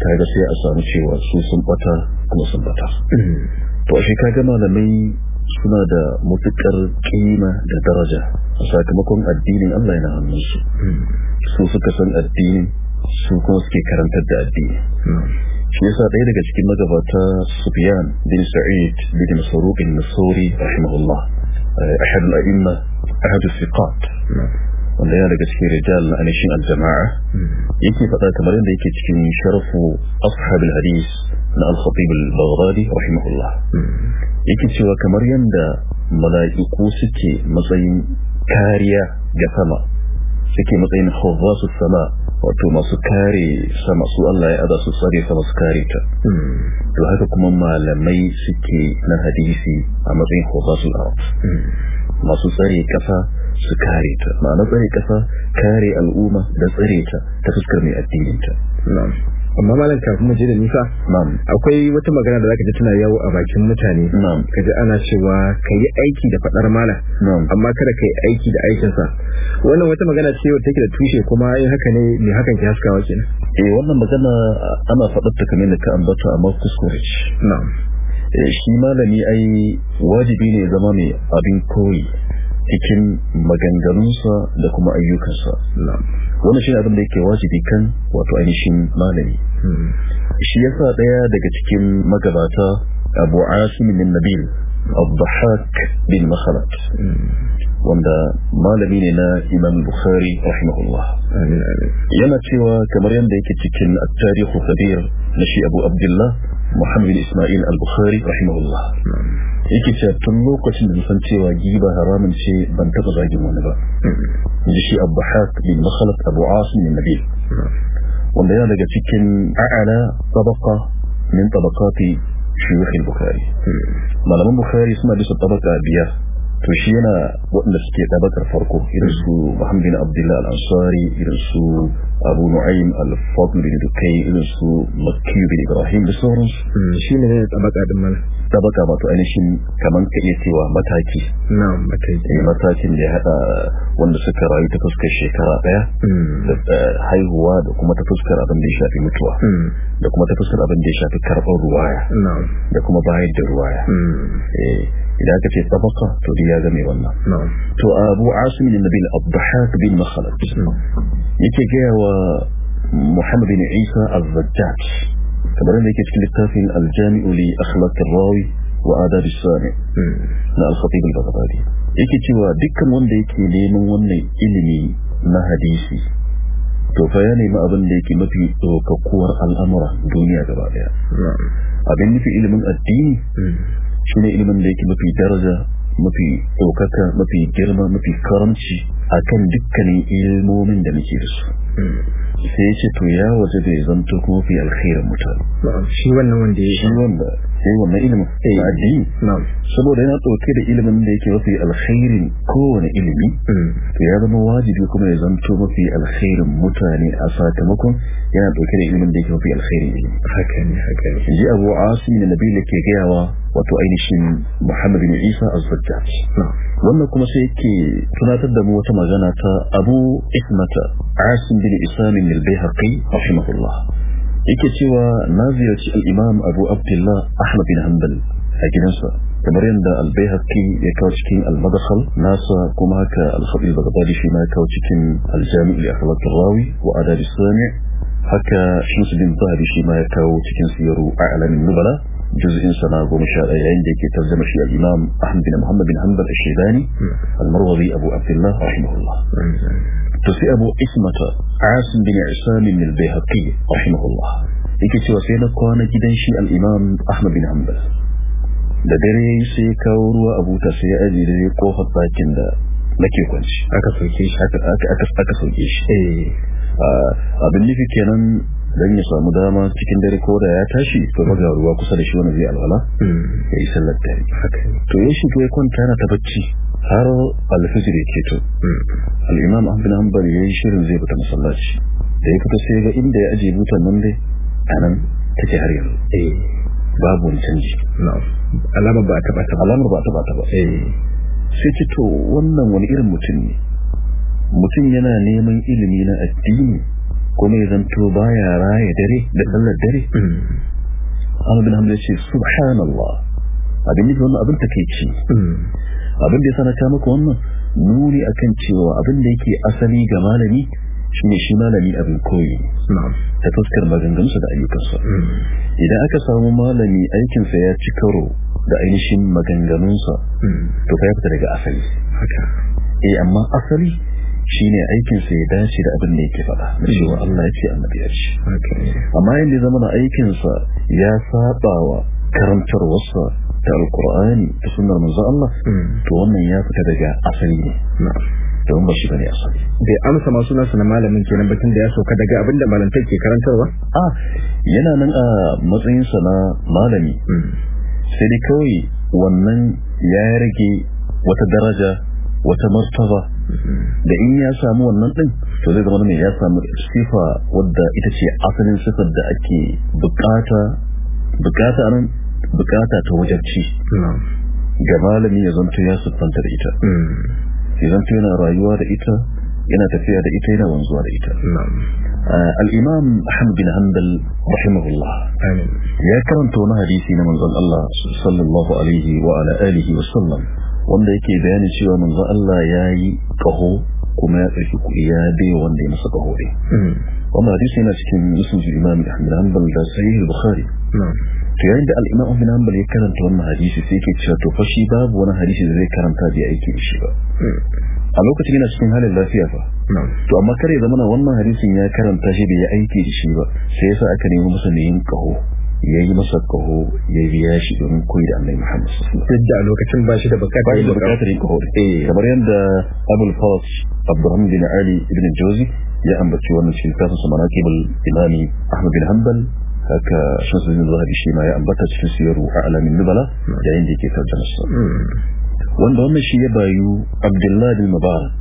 kaga sai a samu cewa su sun bata kuma sun bata to shi kaga malamai suna da mutukar kima da daraja sakamakon addinin Allah yana hannunsu su suka san addini su kuma suke karantar da addini shi yasa ɗaya daga cikin magabata Sufyan bin Sa'id bin Masruq bin Nasuri rahimahullah ahad al-a'imma ahad as-siqat wanda yana daga cikin rijal na anishin aljama'a yake faɗa kamar yadda yake cikin sharafu ashabul hadis na al-khatib al-baghdadi rahimahullah yake cewa kamar yadda mala'iku suke matsayin kariya ga sama suke matsayin hawasu sama wato masu kare sama su Allah ya ada su sare sama su kare ta to haka kuma malamai suke na hadisi a matsayin hawasu al masu tsare kasa su kare ta na tsare kasa kare al'umma da tsare ta ta fuskar mai addinin ta amma malam kafin mu je da nisa akwai wata magana da zaka ji tana yawo a bakin mutane ji ana cewa ka yi aiki da fadar malam amma kada ka yi aiki da aikinsa wannan wata magana ce wata take da tushe kuma yin haka ne mai hakan ke haskawa kenan eh wannan magana ana faɗar ta kamar da ka ambata amma kuskure ce na'am eh, shi malami ai wajibi ne zama mai abin koyi cikin maganganunsa da kuma ayyukansa wannan shi abin da yake wajibi kan wato ainihin malami hmm. shi yasa ɗaya daga cikin magabata abu asim bin nabil abdahak bin makhalat hmm. wanda malami ne na imam bukhari rahimahullah yana cewa kamar yadda yake cikin at-tarikh kabir na shi abu abdullah Muhammad bin Ismail al-Bukhari rahimahullah yake cewa tun lokacin da san cewa giba haramun ce ban taba zagin wani ba inji shi Abbahak bin Makhlaq Abu Asim bin Nabil wanda yana daga cikin a'ala tabaqa min tabaqati shuyukh al-Bukhari malaman Bukhari suna da tabaka biyar to shi yana waɗanda suke ɗabakar farko irin su Muhammad bin Abdullah al-Ansari irin su Abu Nu'aym al-Fadl bin Dukay irin su Makki bin Ibrahim da sauransu mm, shi ne ɗabaka din mana ɗabaka wato ainihin kaman ka iya cewa mataki na'am mataki eh matakin da ya hada wanda suka rayu ta fuskar shekara daya mm. da haihuwa da kuma ta fuskar abin da ya shafi mutuwa mm. da kuma ta fuskar abin da ya shafi karɓar ruwaya da kuma bayar da ruwaya eh إذا كانت الطبقة تودي هذا ميوانا نعم تو عاصم النبي الضحاك بن مخلد نعم هو محمد بن عيسى الزجاج كما يكي في الكتاب الجامع لأخلاق الراوي وآداب السامع لا الخطيب البغدادي يكي تيوا دكا وانده يكي ليمن وانده إلمي ما حديثي to fa ya abin da yake mafi ɗaukakuwar al'amura duniya gaba ɗaya abin nufi ilimin addini shine ilimin da yake mafi daraja mafi ɗaukaka mafi girma mafi karamci akan dukkanin ilmomin da muke da su sai ya ce to ya waje da ya zanto kuma fi alkhairar mutane shi wannan wanda ya shi wanda sai wannan ilimin sai eh, addini saboda yana ɗauke da ilimin da yake mafi alkhairin kowane ilimi hmm. to ya zama wajibi kuma ya zanto mafi alkhairin mutane a sakamakon yana ɗauke da ilimin da yake mafi alkhairin ilimi haka ne haka ne ji abu asi na nabi da ke gayawa wato ainihin Muhammad bin Isa az-Zajjaj wannan kuma sai yake tunatar da mu wata magana ta Abu Ismata Asim bin Isam bin al bayhaqi rahimahullah yake cewa na ziyarci al-Imam Abu Abdullah Ahmad bin Hanbal a gidansa kamar yadda al bayhaqi ya kawo cikin al-Madakhal nasa kuma haka al khabib al-Baghdadi shi ma ya kawo cikin al-Jami' li Akhlaq rawi wa Adab as-Sami' haka Shams bin Zahabi shi ma ya kawo cikin siyaru a'lamin nubala جزء سنة ومشاء عند ترجم الشيء الإمام أحمد بن محمد بن حنبل الشيباني المروضي أبو عبد الله رحمه الله تسي أبو إسمة عاصم بن عسام من البيهقي رحمه الله yake cewa sai na kwana gidan shi al'imam Ahmad bin Hanbal da dare sai ya kawo ruwa a buta sai ya aje da kofar bakin da nake kwanci aka sauke shi aka sauke shi abin nufi kenan don ya samu dama cikin dare ko da ya tashi to ga ruwa kusa da shi wani zai alwala hmm. ya yi sallar dare to ya shi ya kwanta yana ta bacci har alfijir ya keto hmm. al'imam abin hanbal ya yi shirin zai fita masallaci da ya fita sai ga inda ya ajiye mutan nan dai a nan take har yanzu eh. babu wani canji alamar ba a taba ta ba alamar ba a taba ta ba eh. sai ce to wannan wani irin mutum ne mutum yana neman ilimi na addini kuma ya zanto baya raya dare da tsallar dare Ahmad bin Hamza ce subhanallah abin da wannan abin takeici abin da ya sanata maka wannan Nuri akan cewa abin da yake asali ga malami ne shi malami abin koyi ta fuskar maganganunsa da ayyukansa idan aka samu malami aikinsa ya ci karo da ainihin maganganunsa hmm. to ka fita daga asali eh amma asali shine aikin sa ya dace da abin da yake faɗa na cewa Allah ya ce annabi ya amma yanda zama na aikin sa ya sabawa karantar wasa da alkur'ani da sunnar manzo Allah to wannan ya fita daga asali ne don ba shi bane asali bai amsa masu nasu na malamin kenan batun da ya sauka daga abin da malantar ke karantarwa a yana nan a matsayin sa na malami sai dai kawai wannan ya rage wata daraja wata martaba da in ya samu wannan din to zai zama ne ya samu sifa wadda ita ce asalin sifar da ake bukata bukata nan bukata ta wajen ci ga malami ya zanto ya siffanta da ita ya zanto yana rayuwa da ita yana tafiya da ita yana wanzuwa da ita الإمام أحمد بن حنبل رحمه الله يا كرمت هنا حديثي من الله صلى الله عليه وعلى آله وسلم wanda yake bayani cewa manzo Allah ya yi kaho kuma ya tsarki kuɗi ya bai wanda ya masa kaho ne hmm. wannan hadisi yana cikin musulun imam Ahmad Hanbal da sahih Bukhari to yayin da al-Imam Ahmad Hanbal ya karanta wannan hadisi sai yake cewa to fa shi babu wani hadisi da zai karanta bai aiki da shi ba hmm. a lokacin yana cikin halin lafiya fa to amma kare zamana wannan hadisin ya karanta shi da ya aiki da shi ba sai yasa aka nemi masa ne yin kaho ya yi masa kaho ya biya shi domin koyi da annai muhammad sassan duk da lokacin ba shi da bukatar yin bukatar yin kaho kamar yadda abul fawaz abdurrahman bin ali ibn jauzi ya ambaci wannan cikin kasan su manakibul imami ahmad bin hanbal haka shamsuddin zahabi shi ma ya ambata cikin siyaru a alamin nubala yayin da yake tarjama sa wanda wannan shi ya bayu abdullahi bin mubarak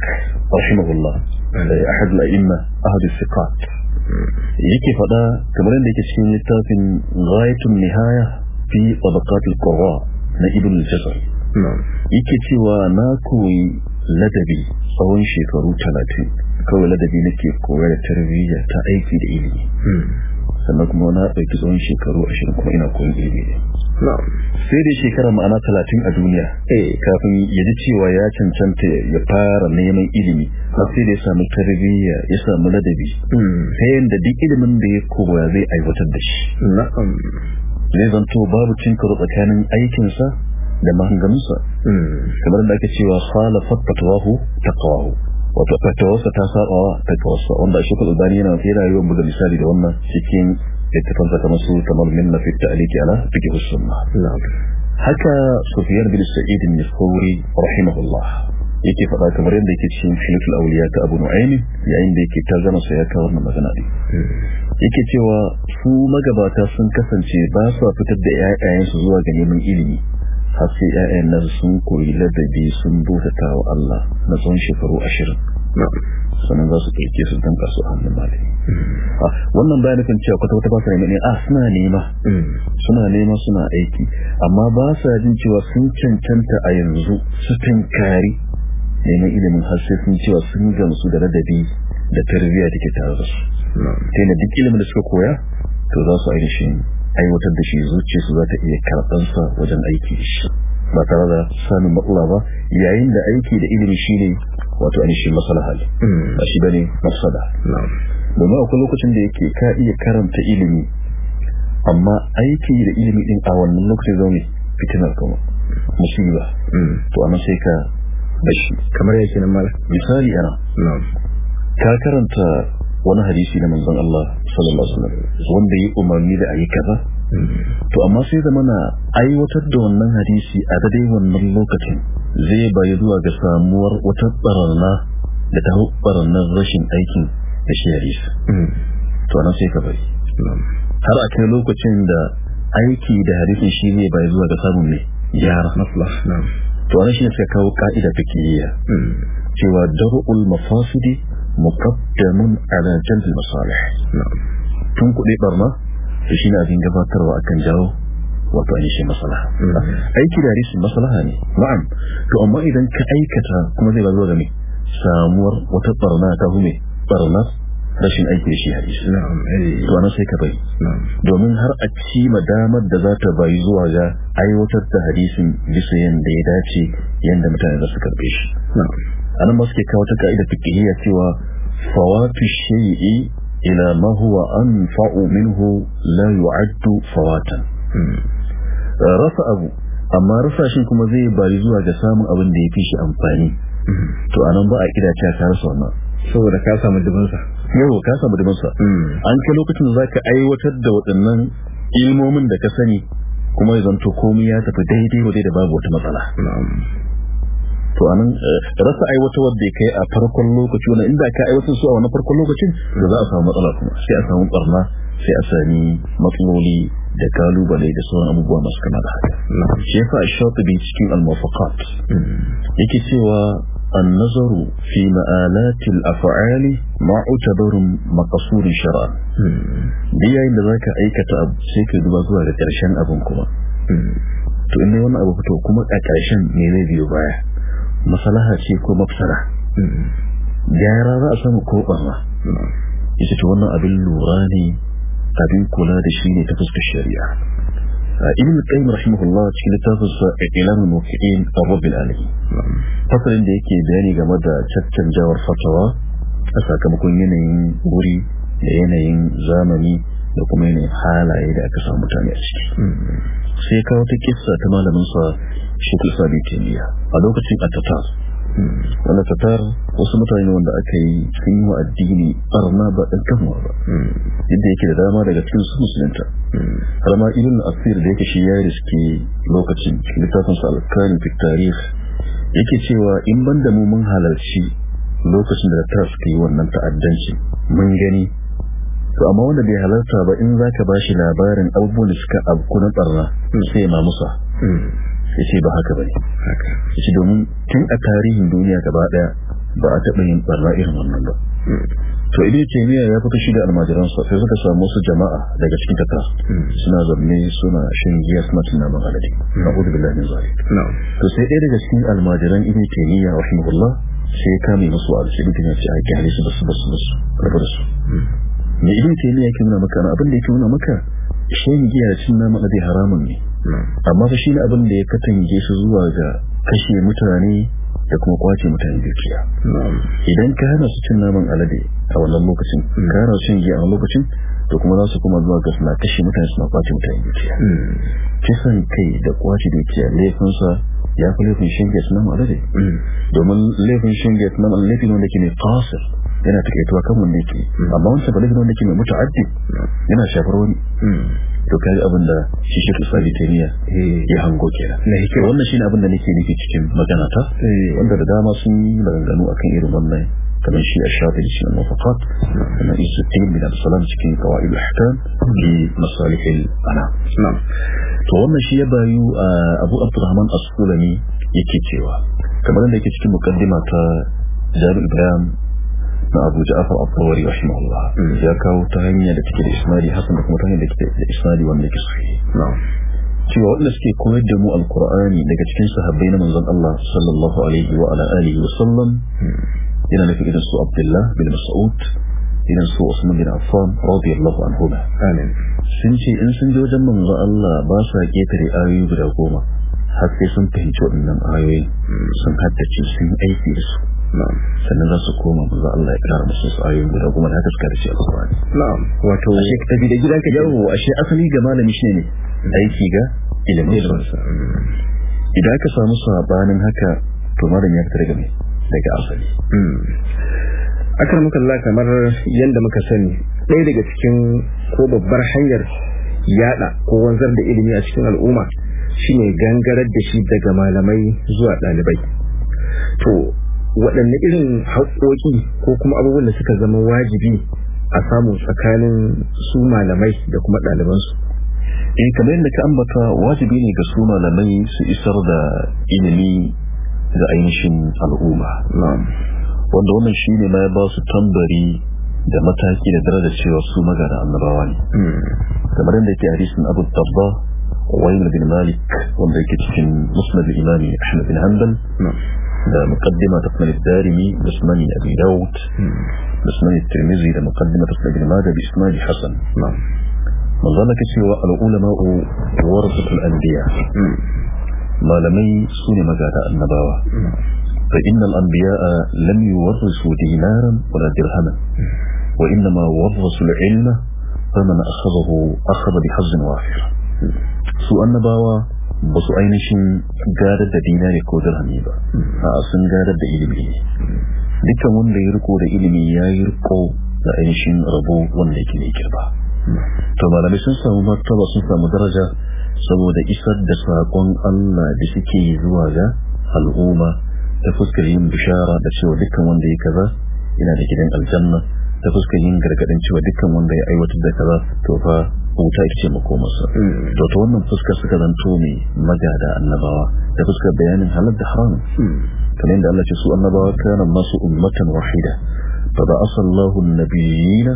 rahimahullah ahad al-a'imma ahad as-siqat yake faɗa kamar yadda yake cikin littafin ghayatun nihaya fi tabaqatul qurra na ibn al-jazar yake cewa na koyi ladabi tsawon shekaru talatin kawai ladabi nake da tarbiyya ta aiki da ilimi hmm. sannan kuma na ɗauki tsawon shekaru ashirin kuma ina koyon ilimi ne sai da shekara ma'ana talatin a duniya eh. kafin ya ji cewa ya cancanta ya fara neman ilimi a sai da ya samu tarbiyya ya samu ladabi hmm. ta yadda duk ilimin da ya koya zai aiwatar da shi zai zanto babu cin karo tsakanin aikinsa da mahangamsa hmm. kamar da ake cewa khalafat fatwahu taqwahu wato fatawarsa ta saba wa taqwarsa wanda shi kudu yana yana rayuwar buga misali da wannan cikin littafansa kamar su kamar minna fi ta'aliki ala fiqh sunna haka sufyan bin sa'id bin thawri rahimahullah yake faɗa kamar yadda yake cikin shilful awliya ta abu nu'aym yayin da yake ta sa ya kawo wannan magana din yake cewa su magabata sun kasance ba su fitar da 'ya'yayansu zuwa ga neman ilimi har sai ƴaƴan nan sun koyi ladabi sun bautata wa Allah na tsawon shekaru ashirin. sannan za su ɗauke su dinka su hannun malami ah, wannan bayan nufin cewa kwata wata ba su neman a ah, suna nema mm. suna nema suna aiki amma ba sa jin cewa sun cancanta a yanzu su tinkari neman ilimin har sai sun cewa sun gamsu da ladabi da tarbiyya da ke tare da su ta yana duk ilimin da suka koya to za su ainihin aiwatar da shi zuciya su za ta iya karɓansa wajen aiki ba tare da samun matsala ba yayin da aiki da ilimi shi ne wato ainihin maslaha ne hmm. ba shi bane mafsada domin akwai lokacin da yake ka iya karanta ilimi amma aiki da ilimi din a wannan lokacin zaune fitinar kuma musiba hmm. to amma sai ka bashi kamar yake nan mala misali ana ka karanta wani hadisi na manzon Allah sallallahu alaihi wasallam wanda ya umarni da ayi kaza to amma sai zama na aiwatar da wannan hadisi a daidai wannan lokacin zai bayi zuwa ga samuwar wata barna da ta barnar rashin aikin da shi hadisi to nan sai ka bari har a kai lokacin da aiki da hadisi shi ne bayi zuwa ga samun ne gyara maslah to nan shi ne sai kawo ka'ida yiya cewa daru'ul mafasidi muqaddamun ala jalb masalih tun kuɗi barna to shi abin gabatarwa akan jawo wato ainihin maslaha mm-hmm. aiki da rishin maslaha ne na'am to amma idan ka aikata kuma zai bazo da me samuwar wata barna ta hume barna rashin aiki shi hadisi na'am eh. to ana sai ka bai domin har a ci madamar da za ta bayi zuwa ga aiwatar da hadisin bisa yanda ya dace yanda mutane za su karbe shi na'am anan ba suke kawo ta ka'ida fiqhiyya cewa fawatu shay'i ila ma huwa anfa'u minhu la yu'addu fawatan rasa abu amma rasa shi kuma zai bari zuwa ga samun abin da fi shi amfani to anan ba a kira ta ka rasa wannan saboda ka samu dubin sa yau ka samu dubin an kai lokacin da zaka aiwatar da waɗannan ilmomin da ka sani kuma ya zanto komai ya tafi daidai wa da babu wata matsala to anan eh, rasa aiwatawar ya kai a farkon lokaci wannan inda ka aiwatar su a wannan farkon lokacin da za a samu matsala kuma sai a samu barna sai a sami matsaloli da kalubale da sauran abubuwa masu kama da haka shi yasa shatibi cikin al-mufaqat yake cewa النظر في مآلات الأفعال ما اعتبر مقصور شرعا بيا إن ذاك أي كتاب سيك دبازوا لترشان أبنكما to inda wani abu fito kuma a ƙarshen ne baya masalaha ce ko mafsara gyara za a samu ko ɓarna ita ce wannan abin lura ne abin kula da shi ne ta fuskar shari'a A ibn qayyim rahimahullah cikin littafin sa ilam muqin ar-rabbil alamin fasalin da yake bayani game da caccanjawar fatawa a sakamakon yanayin wuri da yanayin zamani da kuma yanayin halaye da aka samu mutane a ciki sai kawo ta kissa ta malamin sa shekul sabi kimiyya a lokacin a tatar wanda hmm, tatar wasu mutane wanda aka yi sun yi wa addini barna ba ɗan kanwa ba hmm. yadda yake da dama daga cikin su musulunta hmm. har ma ilin asir da yake shi ya riske lokacin littafin sa alkani fi tarih yake cewa in ban da mu mun halarci lokacin da tatar suka yi wannan ta'addanci mun gani to amma wanda bai halarta ba in zaka bashi labarin abubuwan da suka abku na barna sai ma musa ya ce ba haka bane ya ce domin tun a tarihin duniya gaba daya ba a taɓa yin barna irin wannan ba hmm. to idan ce miya ya fito shi da sa. sai suka samu su jama'a daga cikin tattara hmm. suna zanne suna shan giya suna tuna magaladi hmm. na hudu billahi min zari to sai ɗaya daga cikin almajiran ibn taymiya rahimahullah sai mai musu a cikin dukkan ce a gani su basu basu basu rabar da su me ibn taymiya ke nuna maka abin da yake nuna maka Shin giya cin nama da haramun ne amma fa shi ne abin da ya katange su zuwa ga kashe mutane da kuma kwace mutane dukiya idan ka hana su cin naman alade a wannan lokacin ka mm. hana su giya a lokacin to kuma za su kuma zuwa ga suna kashe mutane suna kwace mutane dukiya mm. kisan kai da kwace dukiya laifinsa ya fi laifin shingiyar sunan alade mm. domin laifin shingiyar sunan alade laifin wanda ke mai fasir yana takaituwa kan wanda ke amma wancan ba laifin wanda ke mai mutu'addi yana shafar wani to kaga abin da shi shi tsari taniya ya hango kenan na hikima wannan shine abin da nake nufi cikin magana ta eh. wanda da dama sun maganganu akan irin wannan كمان شيء الشاطئ في الموافقات كما يستطيع من السلام سكين قوائد الأحكام لمصالح الأنام نعم طوالنا شيء بايو أبو عبد الرحمن أصولني يكي تيوا كمان يكي تيوا مقدمة جابر إبراهيم na Abu Ja'far al-Tawri rahimahullah hmm. ya kawo ta hanya da take da isnadi hasan da kuma ta hanya da take da isnadi wanda ke sahihi na'am cewa wanda suke koyar da mu al alqur'ani daga cikin sahabbai na manzon Allah sallallahu alaihi wa ala alihi wa sallam hmm. yana nufi irin su Abdullah bin Mas'ud irin su Usman bin Affan radiyallahu anhu amin sun ce in sun je wajen manzon Allah ba sa ketare ayoyi guda goma har sai sun fahimci waɗannan ayoyin, hmm. sun haddace sun aiki da su sannan za su koma za Allah ya kara musu ayoyi guda kuma da haka suka dace alƙur'ani na'am wato shi ka tafi da gidanka yawo ashe asali ga malami shine aiki ga ilimin sa idan ka samu sabanin haka to malami ya fita daga daga asali hmm. akramuka Allah kamar yanda muka sani ɗaya daga cikin ko babbar hanyar yada ko wanzar da ilimi a cikin al'umma shine gangarar da shi daga malamai zuwa ɗalibai to waɗanne irin haƙoƙi ko kuma abubuwan da suka zama wajibi a samu tsakanin su malamai da kuma ɗalibansu eh kamar yadda ka ambata wajibi ne ga su malamai su isar da ilimi ga ainihin al'umma wanda wannan shi ne ma ya ba su tambari da mataki da darajar cewa su magana annabawa ne hmm. kamar yadda yake hadisin abu tabba wayne bin malik wanda yake cikin musnad imami ahmad bin hanbal مقدمة تصنيف الدارمي بسمني أبي داود بسمني الترمذي لمقدمة ابن المادة بإسناد حسن نعم من ظن كسي ظنك ما هو ورثة الأنبياء ما لمي سنة مجاتا النباوة نعم. فإن الأنبياء لم يورثوا دينارا ولا درهما وإنما ورثوا العلم فمن أخذه أخذ بحظ وافر سوء النباوة ba su ainihin gadar da dina ne ko dirhami ba a sun gadar da ilimi ne dukkan wanda ya riko da ilimi ya yi riko da ainihin rabo wanda yake ne ba to malamai sun samu martaba sun samu daraja saboda isar da saƙon Allah da suke zuwa ga al'umma ta fuskar yin bishara da cewa dukkan wanda ya kaza yana da gidan aljanna ta fuskar yin gargaɗin cewa dukkan wanda ya aiwatar da kaza to fa wuta ita ce makomarsa da mm. ta wannan fuskar suka zanto ne magada annabawa da fuskar bayanin halar da haram mm. kan yadda Allah ce su annabawa kana masu ummatan wahida fa ba asallahu annabiyina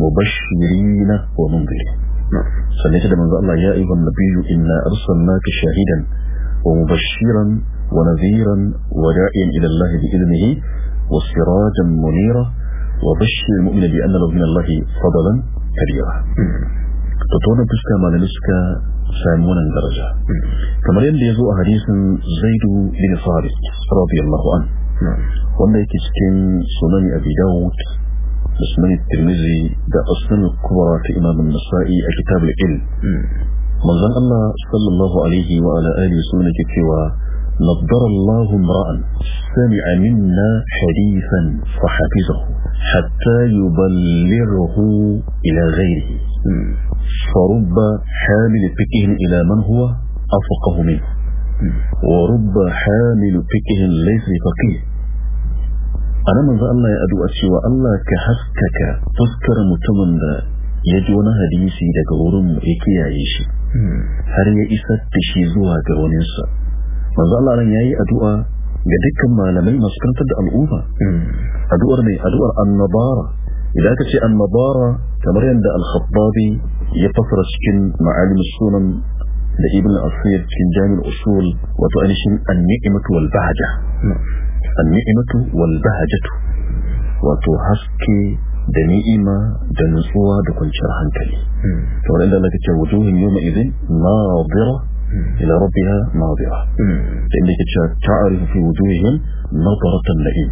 mubashirina wa mundirin sannan da manzo Allah ya ayyuhan nabiyu inna arsalnaka shahidan wa mubashiran wa nadhiran wa da'iyan ila Allah bi idnihi wa sirajan munira وبشر المؤمن بأن له من الله فضلا كبيرا da tonon fuska malamai suka sami wannan daraja kamar yadda ya zo a hadisin zaidu bin faris radiyallahu an wanda yake cikin sunan abi dawud da sunan tirmizi da asnan kubra ta imam an-nasa'i a kitab al-ilm manzon Allah sallallahu alaihi wa ala alihi sunan yake cewa نضر الله امرأ سمع منا حديثا فحفظه حتى يبلغه إلى غيره فرب حامل فقه إلى من هو أفقه منه ورب حامل فقه ليس فقيه أنا من ذا الله يأدو أشيوى الله كحسكك تذكر متمنى يجون هديسي دقورم إكي shi. har ya isa da zuwa ga waninsa manzo Allah ran yayi adu'a ga duka malamai masu kantar da al'umma addu'ar mai addu'ar annabara إذا تشي النظارة كمري عند الخطابي يفصل الشكل مع علم الصونا لابن الأصير شنجان الأصول وتؤنش النعمة والبهجة النعمة والبهجة وتحسكي دنيئمة دنسوة دكون شرحا كلي تقول عند الله وجوه يومئذ ناظرة إلى ربها ناظرة لأنك تعرف في وجوههم نظرة لئيم.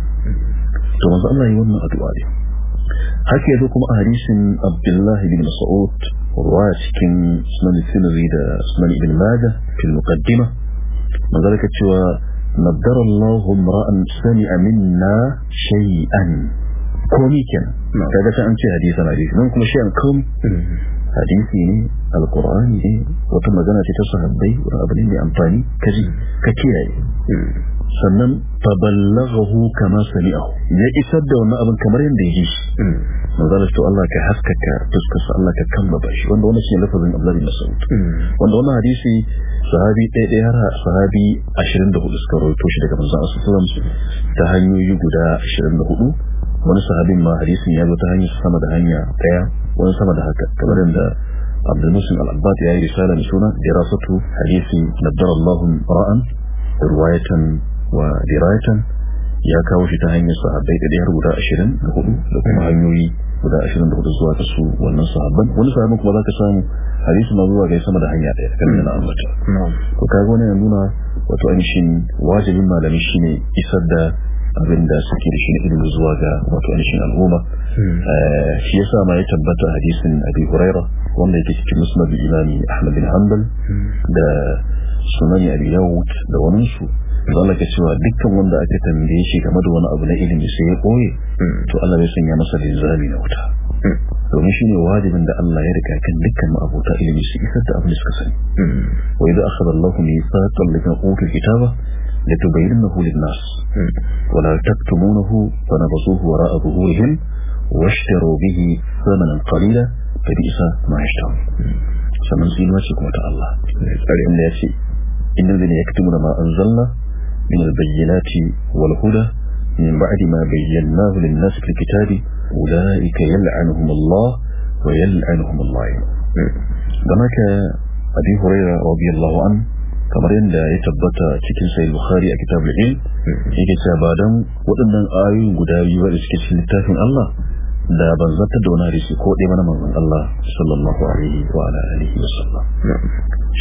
ثم الله يومئذ أدوالهم haka yazo kuma a hadisin Abdullahi bin Mas'ud ruwa cikin sunan Tirmidhi da sunan Ibn Majah fil muqaddima mazalika cewa naddara Allah imra'an sami'a minna shay'an komi kenan kaga ta an ce hadisi na hadisi kuma shay'an kom mm-hmm. hadisi ne alqur'ani ne wata magana ce ta sahabbai wani abu ne amfani kaji ka kiyaye mm-hmm. sannan taballaghahu kama sami'ahu ya isar da wannan abin kamar yadda ya ji shi hmm. manzala to Allah ka haskaka fuskar sa Allah ka kamba shi wanda wannan shine lafazin Abdullah bin Mas'ud hmm. wanda wannan hadisi sahabi ɗaya ɗaya har sahabi 24 suka rawaito shi daga manzon Allah sallallahu alaihi ta hanyoyi guda 24 wani sahabin ma hadisin ya zo ta hanyar sama da hanya ɗaya wani sama da haka kamar yadda Abdul Muslim Al-Abbad ya yi risala mai suna dirasatu hadisi naddara Allahum ra'an riwayatan wa dirayatan ya kawo shi ta hanyar sahabbai da ya rubuta 24 da kuma hanyoyi guda hudu zuwa ta su wannan sahabban wani sahabban kuma za ka samu hadisi na zuwa gai sama da hanya ɗaya kan yana ambata to kaga wani nuna wato ainihin wajibin malami shine isar da abin da suke da shi na ilimi zuwa ga wato ainihin al'umma hmm. eh, shi ya sa ma ya tabbata hadisin abi huraira wanda yake cikin musnad imami ahmad bin hanbal hmm. da sunani abi da wani Allah ka cewa dukkan wanda aka tambaye shi game da wani abu na ilimi sai ya koye to Allah bai sanya masa linzami na wuta domin shine wajibin da Allah ya riga kan dukkan ma'abota ilimi su isar da abin da suka sani wa idza akhadha Allahu mithaqan lika utul kitaba لتبينه للناس ولا تكتمونه فنبصوه وراء ظهورهم واشتروا به ثمنا قليلا فبئس ما يشترون sannan tsinuwa ce kuma ta Allah inda ya ce inda zai ya kitu ma anzalna من البينات والهدى من بعد ما بيناه للناس في الكتاب أولئك يلعنهم الله ويلعنهم الله دمك أبي هريرة رضي الله عنه كمرين لا يتبطى تكن سيد بخاري كتاب العلم في كتاب آدم وإن آي قداري ورسكت لتاه الله لا بزت دون رسكو من الله صلى الله عليه وعلى آله وسلم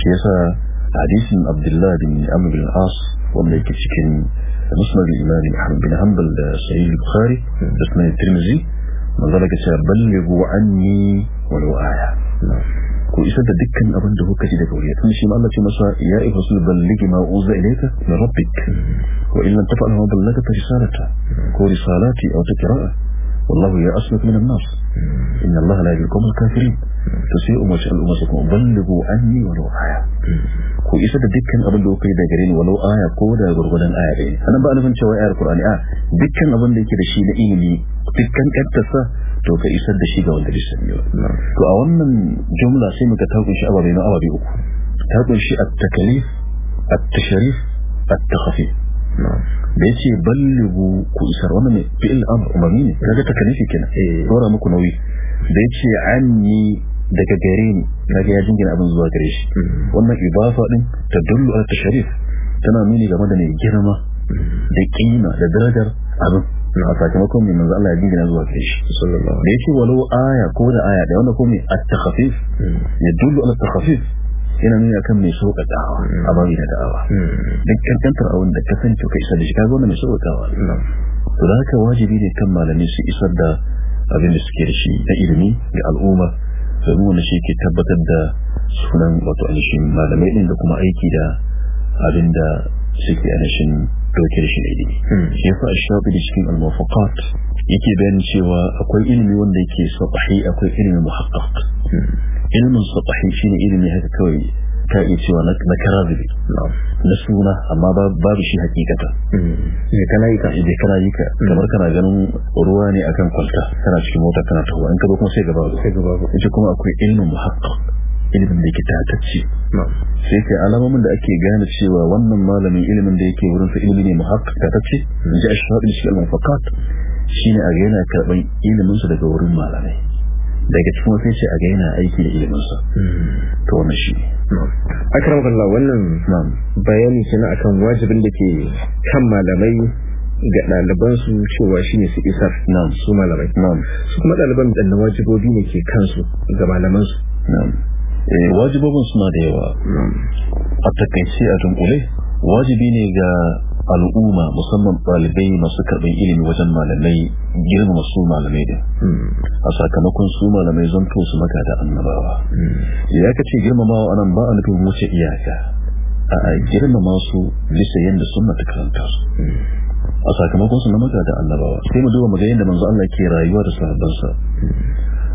شيخ حديث عبد الله بن أمر بن العاص ومن تشكين نصنا بإمام محمد بن حنبل سعيد البخاري بسم الترمزي من ذلك سيبلغ عني ولو آية كو نعم. إسادة دكا أبن دهو كورية تنشي مع الله تمسى يا إيه بلغ ما أوزى إليك من ربك وإن لم تفعل ما بلغ فرسالك كو رسالاتي أو تكراء والله يا أصلك من الناس إن الله لا يلقم الكافرين تسيء ما شاء الأمسكم بلغوا عني ولو آية ku isa da dukkan abin da kuka yi daga gare ni walau aya ko da gurgudan aya ne. sanan ba nufin cewa ayar qur'ani a dukkan abin da yake da shi na ilimi dukkan kaddasa to ka isar da shi ga wanda bai sani ba to a wannan jumla sai muka ta kunshi ababe na ababe uku ta kunshi at-taklif at-tashrif at-takhfif da yace ballighu ku isar wannan ne fi'il amr umarni ne kaga takalifi kenan eh. dora muku nauyi da yace anni daga gare ni kaga ya jingina abin zuwa gare shi mm-hmm. wannan ibafa din ta dullu ala tasharif tana nuni game da mai girma mm-hmm. da kima da darajar abin mm-hmm. a sakamakon mai manzo Allah ya jingina zuwa gare shi da yake aya ko da aya da wanda kuma at-takhfif ya dullu ala takhfif yana nuni akan mai sokatawa a babu da da'awa duk kankantar abin da kasance kai sai shi wannan mai sokatawa to da haka wajibi ne kan malami su isar da abin da suke da shi na ilimi ga al'umma domin wani shi ke tabbatar da sunan wato alishin malamai ɗin da kuma aiki da abinda da suke anishin ɗauke shi ne hmm. shi fa shafi da cikin almafaqat yake bayanin cewa akwai ilimi wanda yake sabahi akwai ilimi muhaqqaq hmm. ilimin sabahi shine ilimi haka kawai ta iya cewa na karazibi na suna amma babu shi hakikata ne mm. kana yi ka shi kana yi ka mm. kamar kana ganin ruwa ne akan kwalta kana cikin mota kana tawa in ka zo kuma sai gaba sai gaba ita kuma akwai ilmin muhaqqaq ilimin da yake tatacce sai ke alamomin da ake gane cewa wannan malamin ilimin da yake wurin sa ilimi ne muhaqqaq tatacce mm. in ji ashhadu shi al-mufaqat shine a ga yana karɓan ilimin daga wurin malamai daga cikin wasu ce a ga yana aiki da iliminsa to wani shi akarar wanda wannan bayani shi na akan wajibin da ke kan malamai ga ɗalibansu cewa shi ne su isar su malamai su kuma ɗaliban da wajibobi ne ke kansu ga malamansu eh, wajibobin suna da yawa a takaice a dunkule wajibi ne ga al'umma musamman ɗalibai masu karɓar ilimi wajen malamai girmama su malamai da a sakamakon su malamai zan to su maka da annabawa ya ka ce girmamawa anan ba a nufin wuce iyaka a girmama su bisa yadda sunna ta karanta su a sakamakon su na maka da annabawa sai mu duba mu ga yadda manzo Allah ke rayuwa da sahabbansa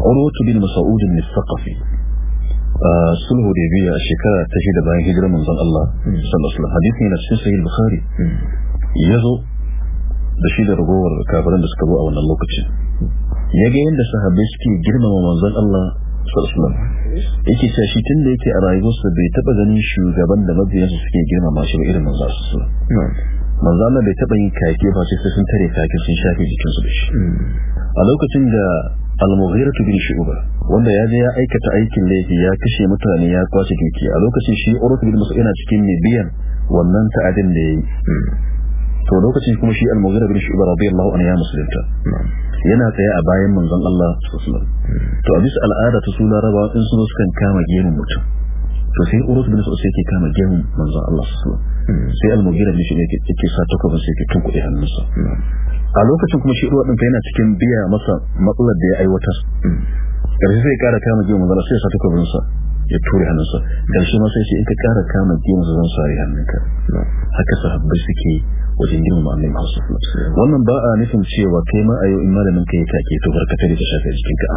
Urwatu bin Mas'ud bin Saqafi sulhu da biya shekara ta shida bayan hijirar manzon Allah sallallahu alaihi ne na cikin sahih bukhari yazo da shi da ragowar kafiran da suka zo a wannan lokacin Ya yaga yadda sahabbai suke girmama manzon Allah sallallahu yake cewa shi tunda yake a rayuwarsa bai taba ganin shugaban da mabiyansa suke girmama shi ba irin manzon sallallahu manzo Allah bai taba yin kake ba sai sun tare kake sun shafe jikin su da shi hmm. a lokacin da al-mughiratu bin shu'ba wanda ya je ya aikata aikin laifi ya kashe mutane ya kwace dukiya a lokacin shi urwatu bin mas'ud yana cikin mai biyan wannan ta'adin da yayi to lokacin kuma shi al-mughira bin shu'ba radiyallahu anhu ya musulunta yana tsaye a bayan manzon Allah sallallahu alaihi to a bisa al'ada ta suna raba in su sukan kama gemun mutum to sai urus bin sa'ud yake kama gemun manzon Allah sallallahu alaihi sai al-mughira bin shu'ba yake sa takobin sai yake tunkuɗe hannunsa a lokacin kuma shi ruwa ɗinta yana cikin biya masa matsalar da ya aiwatar ƙarshe sai ƙara kama gemu manzala sai ya sa takobinsa ya ture hannunsa ƙarshe ma sai ce in ka ƙara kama gemu zan sare hannunka haka sa sahabbai suke wajen girmama annabi Muhammad wannan ba a nufin cewa kai ma a yau in malamin kai ta ke to barka ta da shafe jikin ka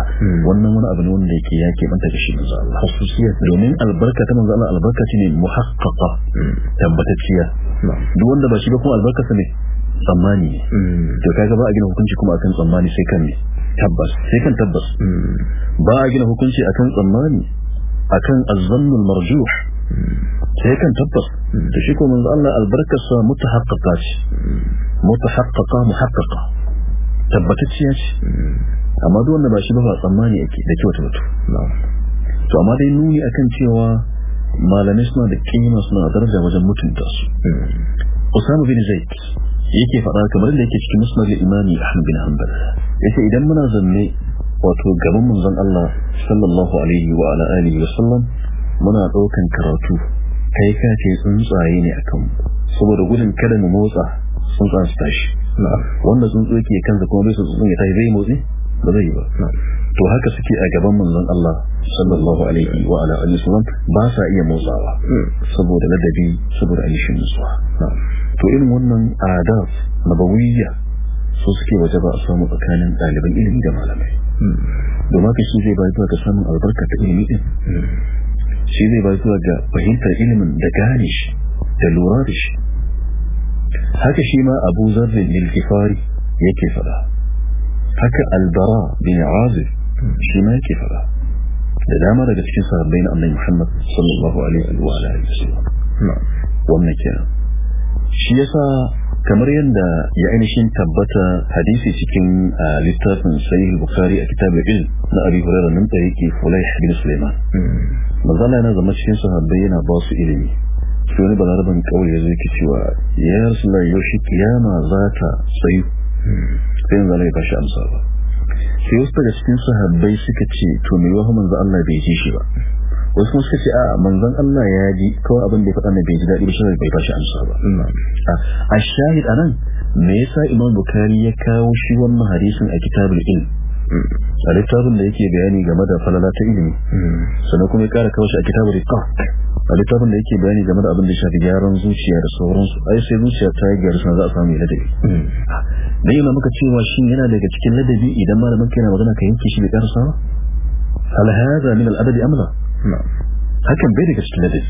wannan wani abu ne wanda yake yake banta da shi manzo Allah hususiya domin albarka ta manzo Allah albarka ce ne muhaqqaqa tabbatacciya duk wanda ba shi ba kuma albarka ne tsammani ne mm. to kaga ba a gina hukunci kuma akan tsammani sai kan tabbas sai kan tabbas mm. ba a gina hukunci akan tsammani akan azzannul marjuh mm. sai kan tabbas da shi ko manzo Allah albarkar sa mutahaqqaqa ce mutahaqqaqa muhaqqaqa tabbatacciya ce amma duk wanda ba shi ba ba tsammani yake da kyautu mutu to amma dai nuni akan cewa malamai suna da kima suna daraja wajen mutunta su Osama bin Zaid yake faɗa kamar da yake cikin musnad al-imami Ahmad bin Hanbal yace idan muna zanne wato gaban manzon Allah sallallahu alaihi wa ala alihi wa sallam muna daukan karatu kai ka ce tsuntsaye ne akan saboda gudun kada mu motsa tsuntsaye su tashi wanda tsuntsaye ke kan kuma bai tsuntsaye ya tashi zai motsi ba zai ba to haka suke a gaban manzon Allah sallallahu alaihi wa ala alihi wa sallam ba sa iya motsawa mm. saboda ladabi saboda aishin nutsuwa to irin wannan adab nabawiyya su suke waje ba a samu tsakanin ɗaliban ilimi da malamai domin ka shi zai bayi zuwa ga samun albarka ta ilimi din shi zai bayi zuwa ga fahimtar ilimin da gane shi da lura da shi haka shi ma abu zarrin ilkifari yake fada haka albara bin azir shi ma yake fada da dama daga cikin sahabbai na annabi Muhammad sallallahu alaihi wa alihi wasallam wannan kenan shi yasa kamar yadda ya ainihin tabbata hadisi cikin littafin sahih bukhari a kitabu al na abi hurairah nan da yake fulayh bin sulaiman hmm. mazalla yana zama cikin sahabbai yana ba su ilimi shi wani balarabin kawai ya zai cewa ya rasulullah yau shi kiyama za ta hmm. sai sai yanzu ya bashi amsa ba sai wasu daga cikin sahabbai suka ce to mai wahaman za Allah bai ji shi ba wasu suka ce a manzon Allah ya ji kawai abin da ya faɗa na bai ji daɗi ba shi bai bashi amsa ba a shahid anan me yasa imam Bukhari ya kawo shi wannan hadisin a kitabul ilm a littafin da yake bayani game da falala ta ilimi mm. sannan kuma ya kara kawo shi a kitabu rikon a littafin da yake bayani game da abin da shafi gyaran zuciya da sauransu ai sai zuciya ta yi gyaru za a samu yi ladabi mm. da yi muka cewa shi yana daga cikin ladabi idan malamin kai na magana ka yanke shi da karsa hal haza min al amla na'am hakan bai daga cikin ladabi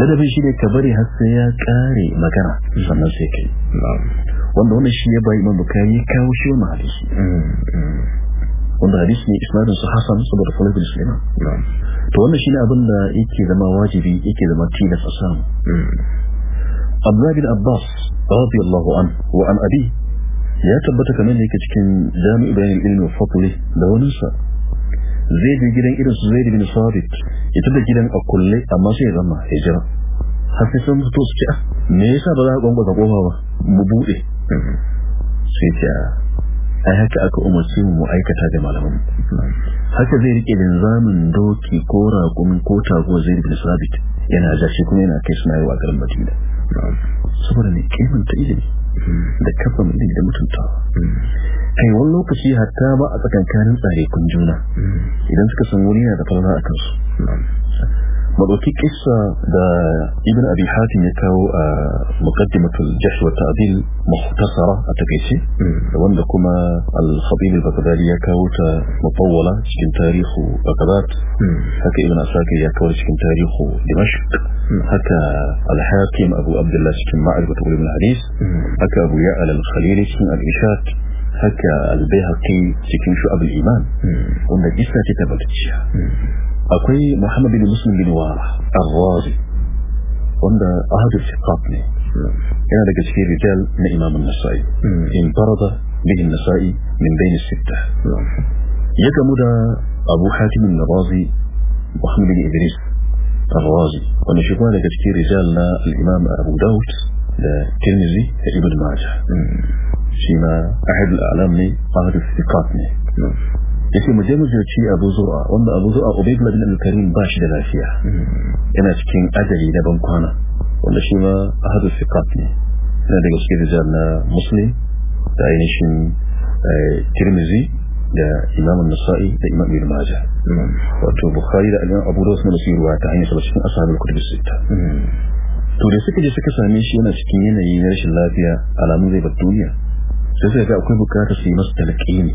ladabi shi ne ka bari har sai ya kare magana sannan sai kai wanda wannan shi ya bayi imam bukari kawo shi wannan hadisi wanda hadisi ne isnadin su hasan saboda falafin suleiman to wannan shi ne abin da yake zama wajibi yake zama tilas a samu abdullahi bin abbas radiyallahu an wa an abi ya tabbata kamar da yake cikin jami'u bayan ilmi wa fatuli da waninsa zai bi gidan irin su zai bin sabit ya tada gidan a kulle amma su ya zama ya har sai sun fito su ce ah, me yasa ba za a gwangwata kofa ba mu bude sai ce yi haka aka umarci mu aikata da malaman haka zai rike linzamin doki ko raƙumin ko tago zai bin sabit yana jashi kuma yana kai suna yi wa garin batida saboda ne kimanta ilimi da kafa mutum da mutuntawa kai wani lokaci hatta ba a tsakankanin tsare kun juna hmm. idan suka san wuri na da fara a kansu hmm. بلوكي قصة آه، دا ابن أبي حاتم يكاو آه، مقدمة الجحش والتعديل مختصرة أتكيسي وانده كما الخطيب البغدادي يكاو مطولة شكل تاريخ بغداد هكا ابن أساكي يكاو شكل تاريخ دمشق هكا الحاكم أبو عبد الله شكل معرفة علوم الحديث هكا أبو يعلى الخليل شكل الإشات هكا البيهقي شو شعب الإيمان وانا جسنا تتبتشيها akwai muhammad bin muslim bin wara arrazi wanda ahadul shiqaq ne yana daga cikin rijal na imam an-nasa'i in farada bin an-nasa'i min bayn as-sittah ya gamu da abu hatim an-narazi muhammad bin idris wanda shi الرازي وانا شكوى لك تشكي رجالنا الامام ابو da الترمذي دا ابن ماجه شيما احد الاعلام لي قاهر الثقات yace mu je mu ziyarci Abu Zur'a wanda Abu Zur'a Ubaydullah bin al ba shi da lafiya yana cikin ajali na bankwana wanda shi ma ahadu siqat ne yana daga cikin rijal na Muslim da ainihin eh, Tirmidhi da Imam An-Nasa'i da Imam Ibn Majah wato Bukhari da Imam Abu Dawud ne su ruwa ta hanyar cikin ashabul kutub sita to da suka je suka same shi yana cikin yanayi na rashin lafiya alamun zai bar duniya sai sai ga akwai bukata su yi masa talqini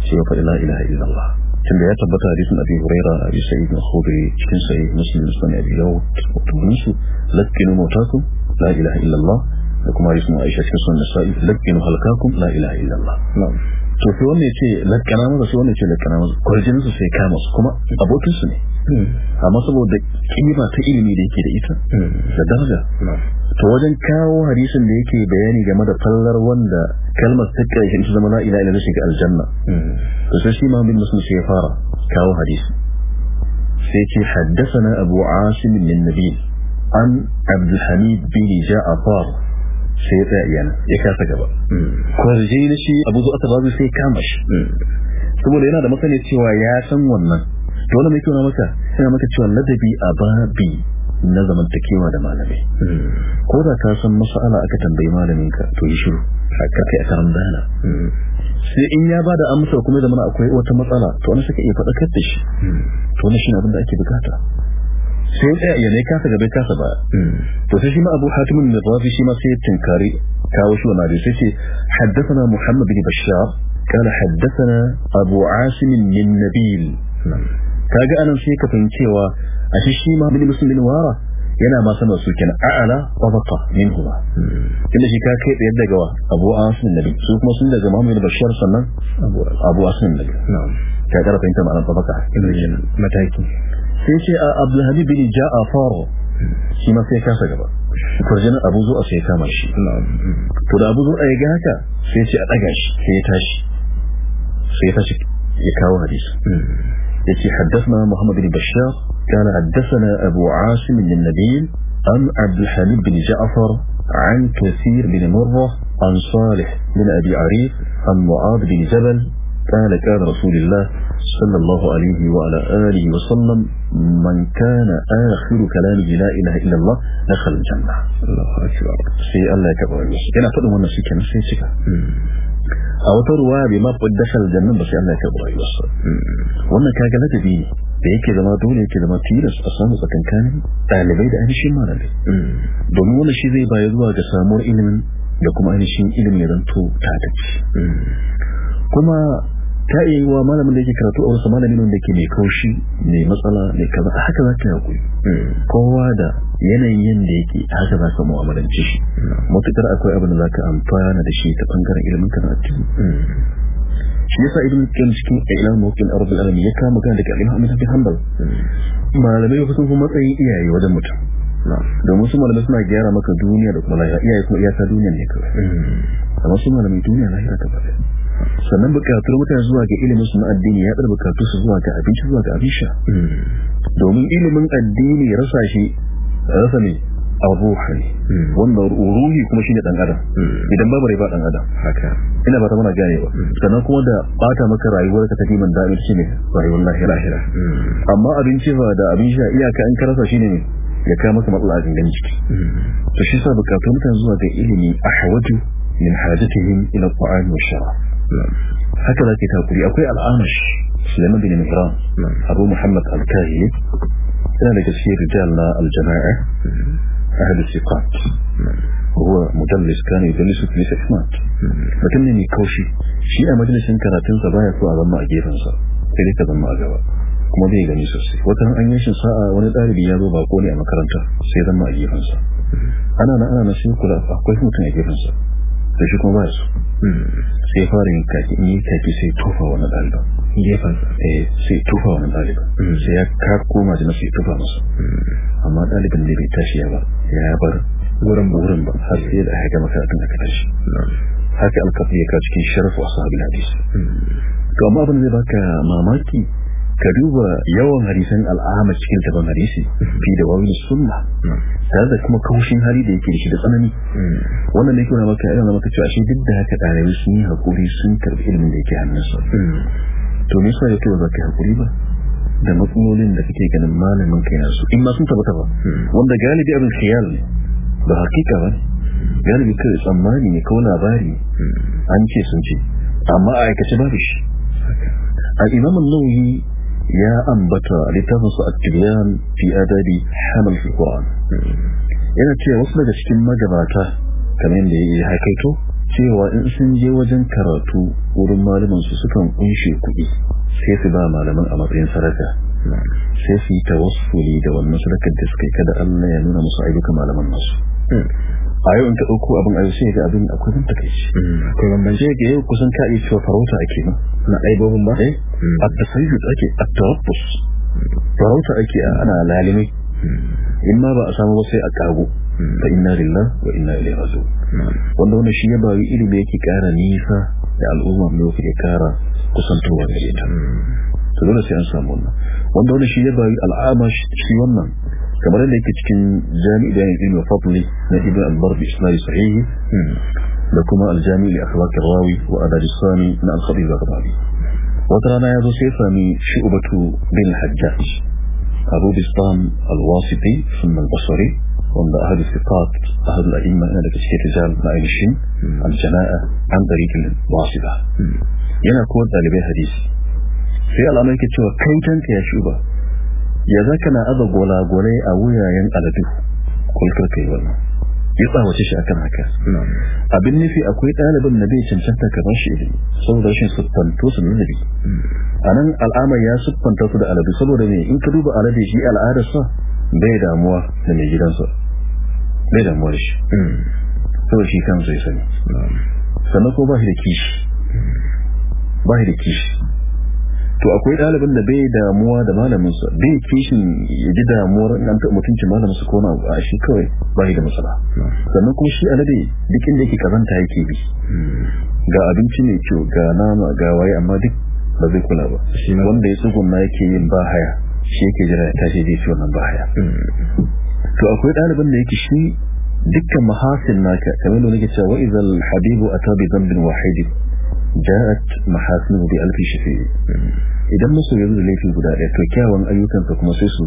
sai ya faɗi la ilaha illallah tunda ya tabbata hadisin abi huraira abi sa'id al-khudri cikin sai, muslim sunan abi dawud wa su lakinu mutakum la ilaha illallah da kuma hadisin aisha cikin sunan nasa'i lakinu halkakum la ilaha illallah to sai wanda ya ce lakana masa sai wanda ya ce lakana masa kwarjinin su sai kama su kuma abokin su ne hmm. amma saboda kima ta ilimi da yake da ita hmm. da daraja to wajen kawo hadisin da yake bayani game da fallar wanda kalmar ta kai shi zama la ilaha illallah shiga aljanna to sai shi ma bin muslim sai fara kawo hadisi sai ce haddathana abu asim bin nabil an abdul hamid bin ja'far sai ta yana ya kasa gaba ko je ne shi abu zuwa tabazu sai kama shi saboda yana da masani cewa ya san wannan dole mai kyau na maka yana maka cewa ladabi a babi na zamantakewa da malami. Hmm. ko da ka san masala aka tambayi malamin ka to yi shiru haka kai aka rambana hmm. sai in ya bada amsa kuma da mana akwai wata matsala to wani suka iya faɗakar da shi hmm. to wani shi abin da ake bukata sai tsaya ya ne kasa gaba kasa ba to sai shi ma abu hatimun da zafi shi ma sai tinkari kawo shi wani sai ce haddasa muhammad bashar قال haddasana abu عاصم من نبيل kaga anan sai ka fahimcewa a shi shi ma bin musulmin wara yana ma sama su kenan a'ala wa baqa minhuma tunda shi ka kai da yadda gawa Abu Asim Nabi su kuma sun daga Muhammad Bashir sannan Abu Asim Nabi na'am ka kara fahimta ma'anar baqa mataki sai ce a Abdul Habib bin Ja'far shi ma sai kasa gaba kurjinin Abu Zu'a sai kama shi to da Abu Zu'a ya ga haka sai ce a daga shi sai ya tashi sai ya tashi ya kawo hadisi mm. التي حدثنا محمد بن بشار كان حدثنا أبو عاصم بن النبيل عن عبد الحميد بن جعفر عن كثير بن مرة عن صالح بن أبي عريف عن معاذ بن جبل قال كان رسول الله صلى الله عليه وعلى آله وسلم من كان آخر كلامه لا إله إلا الله دخل الجنة الله أكبر في الله يكبر إنا فضل من نفسك نفسك a wata ruwa bai ma faddasar jannan ba sai Allah ya karɓi rayuwarsa hmm. wannan kaga ladabi ne da yake zama dole yake zama tilas a samu tsakankanin ɗalibai da ainihin malamai hmm. domin wannan shi zai bayar zuwa ga samuwar ilimin da kuma ainihin ilimin ya zanto tatacci hmm. kuma ta iya yi wa malamin da yake karatu a wasu malamin da ke mai kaushi mai matsala mai kaza haka za ka haƙuri hmm. kowa da yanayin yadda yake haka za ka mu'amalance shi matuƙar hmm. akwai abin da za ka amfana da shi ta ɓangaren ilimin ka na addini hmm. shi yasa ibn kan cikin ilan mawqin arab al ya kama magana daga imam Ahmad bin Hanbal malamai kusan kuma matsayin iyaye wajen mutum domin su malamai suna gyara maka duniya da kuma lahira iyaye kuma iyaka duniya ne kawai amma su malamai duniya lahira ta ba. sannan bukatar mutane zuwa ga ilimin su na addini ya ɗarba bukatu su zuwa ga abinci zuwa ga abin sha domin ilimin addini rasa shi rasa ne a ruha ne wanda ruhi kuma shi ne ɗan adam idan babu rai ba ɗan adam haka ina ba ta mana gane ba sannan kuma da bata maka rayuwar ka tafi man da'ir shi ne rayuwar lahira hira amma abinci ba da abin sha iyaka ka rasa shi ne ya kawo maka matsala a gangan jiki to shi sa bukatun mutane zuwa ga ilimi a hawaju min hajatihim ila ta'am wa shara هكذا كتابي أقول الآنش سليمان بن مهران أبو محمد الكاهلي ذلك الشيء رجال الجماعة أهل الثقات هو مدلس كان يدلس في إحماد لكنني كوشي شيء مجلس كان سبايا بها أظن أجيرنسا كذلك أظن أجوا kuma bai gani sosai كما دي yashin sa'a wani أن يشن zo bako ne بيادو باقوني أما كرنته سيدا ما ana na أنا أنا sai kula akwai mutum a gefensa shi kuma ba su sai fara yin kaki sai tufa wani ɗaliban gefen sai tufa wani ɗaliban sai ya kako majina sai tufa masu amma ɗaliban ne bai tashi ya ba ya bar wurin ba wurin ba har sai da haka makaratun aka tashi haka alkafi ya ka cikin sharafu a sahabin hadisi to amma abin zai baka mamaki ka duba yawan harisan al'ama cikin taban harisi fi da wani sunna tare da kuma kaushin hali da yake da shi da tsanani wannan ne kuna maka yana maka cewa shi duk da haka ɗalibai sun yi haƙuri sun karɓi ilimin da yake hannunsa to me yasa yake ba za ka haƙuri ba da matsalolin da kake ganin malamin kai nasu in ma sun tabbata ba wanda galibi abin khiyal ne ba hakika ba galibi kai tsammani ne ko labari an ce sun ce amma a aikace babu shi a imam nauyi يا أنبتا لتنص التبيان في آداب حمل في القرآن إذا كي وصل جشتما جباتا كمين دي حكيتو كي وإن سنجي وجن كراتو ورما لمن سسكن أنشي كوي سيف با ما لمن أمرين سرقة سيف توصف لي دوال مسلك الدسكي كدأ الله يمون مصعبك ما لمن نصف a yau in ta ɗauko abin a yaushe ga abin akwai zan takaici ko hmm. bambance ga yau kusan ka iya cewa farauta ake ba na aibobin ba eh hmm. a tasayyud ake a tarabbus farauta ake ah, ana lalime in ma ba a samu ba sai a kago hmm. fa inna lillahi wa inna ilaihi raji'un wanda wani shi ya bawi ilimi yake kara nisa da al'umma mu yake kara kusantowa da ita to dole sai an samu wannan wanda wani shi ya bawi al'ama shi wannan kamar da yake cikin jami'i da yin ilmi fadli na ibn albar bi isnari sahihi da kuma aljami'i li akhlaqir rawi wa adadis sami na al-khabir al-qadi wata rana ya zo sai sami shi'ubatu bin hajjaj abu bistan al-wasiti sun al-basri wanda ahadu siqat ahadu al-a'imma yana daga cikin rijal na ainihin al-jama'a an tariqil wasita yana kowa dalibai hadisi sai al'amai ke cewa kai tanka ya shuba ya za ka na aza gwalagwalai a wuyayen aladu kulkar yi wannan ya tsawace shi akan haka abin nufi akwai ɗalibin na bai cancanta ka ba shi ilimi saboda rashin sufanto su na bi a nan al'amai ya sufanta su da aladu saboda ne in ka duba aladu shi al'adarsa bai damuwa da mai gidansa bai damuwa da shi saboda shi kan zai sani sannan ko ba shi da kishi ba shi da kishi to akwai ɗalibin da bai damuwa da malamin sa bai kishin ya ji damuwar in an taɓa mutunci malamin sa ko na a shi kawai bai da masala sannan kuma shi alade duk inda yake kazanta yake bi ga abinci mai kyau ga nama ga waye amma duk ba zai kula ba wanda ya tsugunna yake yin haya. shi yake jira ta tashi zai ci wannan bahaya hmm. to akwai ɗalibin da yake shi dukkan mahasin naka kamar da nake cewa wa idan habibu atabi dhanbin wahid ja'at mahasinu bi alfi shafi'i idan musu ya zuwa laifin guda ɗaya to kyawun ayyukansa kuma sai su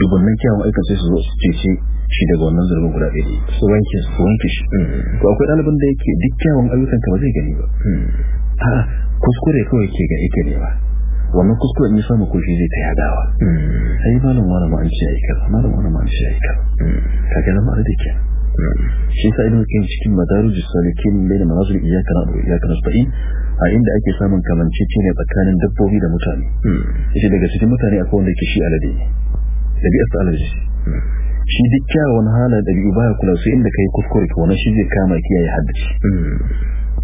dubunnan kyawun ayyukan sai su zo su cece shi daga wannan zargin guda ɗaya su wanke su wanke shi to akwai ɗalibin da yake duk kyawun ayyukanka ba zai gani ba a kuskure kawai ke ga yake ne ba wannan kuskure in ya samu ko zai ta yadawa sai malam wani ma'anci ya yi kaza malam wani ma'anci ya yi kaza ka ga da arziki shi sa idan kin cikin madaruji salikin bai da iyaka na iyaka nasta'in a inda ake samun ce ne tsakanin dabbobi da mutane shi hmm. daga cikin mutane akwai wanda yake shi alade dabi'ar sa alade hmm. shi duk kyawun halar dabi'u baya kula sai inda kai kuskure ki wannan shi zai kama kiyaye haddace hmm.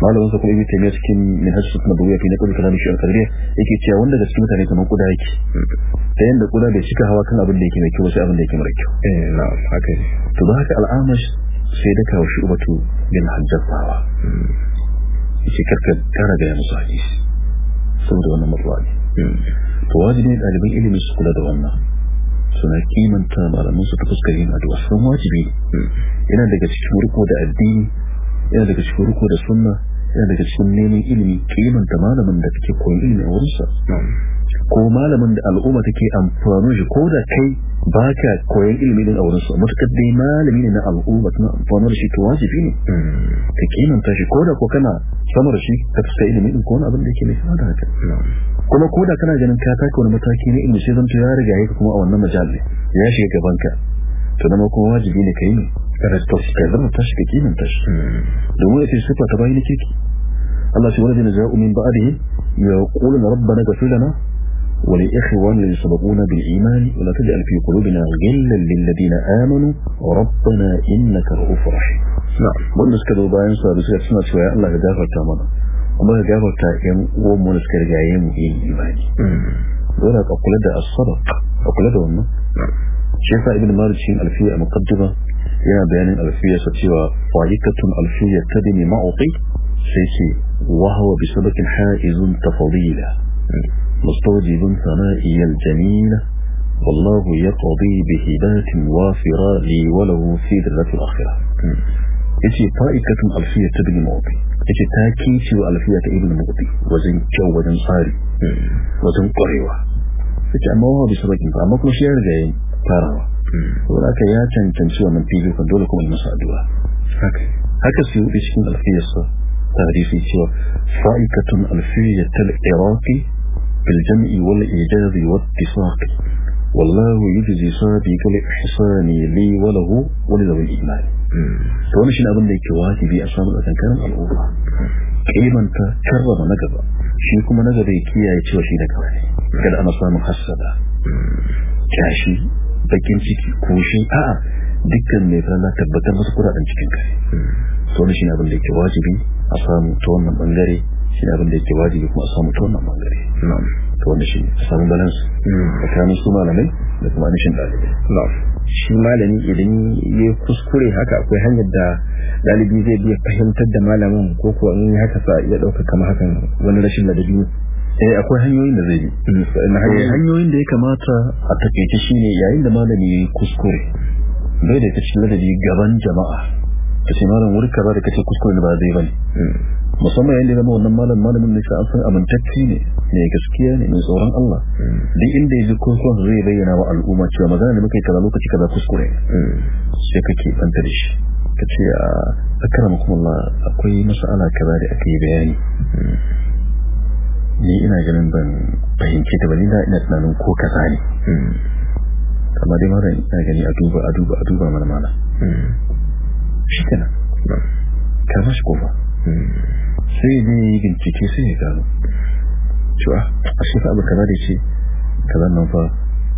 malamin sa kuma ibn ne cikin minhaj sunna buya fi naqd kalam shi al qadiriyya yake cewa wanda da cikin mutane kamar kuda yake da yanda kuda bai cika hawa kan abin da yake mai kyau sai abin da yake mara kyau eh na haka ne to da haka al-amash sai da kawo shi ubatu bin hajjabawa shi hmm. karka kara ga musu hadisi saboda wannan matsalolin ne hmm. to wajibi ɗaliban ilimi su kula da wannan suna kimanta malamin su ta fuskar yin addu'a sun wajibi hmm. yana daga cikin riko da addini yana daga cikin riko da sunna yana daga cikin neman ilimi kimanta malamin da take koyi ilimi a wurinsa ko malamin da al'umma take amfani shi ko da kai ba ka koyan ilimi din a wurinsa matuƙar dai malami ne na al'umma tana amfani da shi to wajibi ne ka kimanta shi ko da ko kana samar shi ka fita ilimi din ko wani abin da yake mai sama da haka kuma ko da kana ganin ka taka wani mataki ne inda shi zan ya riga yake kuma a wannan majalli ya shiga gaban ka. to na kuma wajibi ne ka yi ne كانت تتكلم تشكي كتير من تشكي دموية السكوة تباين كيكي الله في ولدنا من بعدهم يقولون ربنا اغفر لنا ولإخوان الذين سبقونا بالإيمان ولا تجعل في قلوبنا غلا للذين آمنوا ربنا إنك رؤوف رحيم نعم والناس كده باين صار بس سنة شوية الله يغفر تامنا الله يغفر تايم ومنس كده جايين إيه إيماني ولك أقول ده الصدق أقول ده والله شيخ ابن مالك شين الفيئة مقدمة yana bayanin alfiyarsa cewa fa'ikatun alfiyar ta dini ma'uƙi sai ce wahawa bi sabakin ha'izun tafadila mustajibun sana'iyar jamila والله يقضي بهبات وافرة لي وله في ذلة الأخرة yace fa'ikatun alfiya ta bin mawdi yace ta kici wa alfiya ta ibn mawdi wajen kyau wajen tsari wajen kwarewa yace amma wa bi bakin ba amma kuma shi ya riga yin farawa ولaka ya cancanci wannan fifikon dole kuma masa addu'a haka su yi cikin alfiyarsa tarihi cewa fa'ikatun alfiyatul iraqi bil jam'i wal ijazi wat tisaqi wallahu yujzi sabiqa li ihsani li wa lahu wa li dhil iman to wannan shine abin da yake wajibi a samu a kankanin al'umma kimanta karrama na gaba shi kuma na gaba ya kiyaye cewa shi da kawai kada ana samun hasada kashi bakin ciki ko shi a'a dukkan mai fara tabbatar masa kuɗaɗen cikin kai to ne shine abin da yake wajibi a samu ta wannan bangare shine abin da yake wajibi kuma a samu ta wannan bangare to wanda shi samun balans balance hmm. tsakanin su malamai da kuma anishin ɗalibai na'am shi malami idan ya kuskure haka akwai hanyar da ɗalibi zai biya fahimtar da malamin ko kuwa in haka sa ya ɗauka kama hakan wani rashin ladabi eh akwai hanyoyin da zai yi eh, hanyoyin da ya kamata a takaice ne yayin da malami kuskure bai da ta cikin ladabi gaban jama'a ta ce malam wuri kaza da kace kuskure ba zai bane hmm. musamman yayin da zama wannan malam malamin da an san amintacci ne mai gaskiya ne mai tsoron Allah hmm. duk inda ya ji kuskuren zai bayyana wa al'umma cewa magana da muka yi kaza lokaci kaza kuskure hmm. sai kake banta da shi ce a ah, akwai Allah akwai mas'ala kaza da aka yi bayani ni ina ganin ban fahimci ta bane da ina tunanin ko kaza ne hmm. amma dai mara ina gani a duba a duba a duba mana mana hmm. shi kenan hmm. kama shi kofa sai ne yi bincike sai ya gano cewa a shi fa kaza da ce kaza nan fa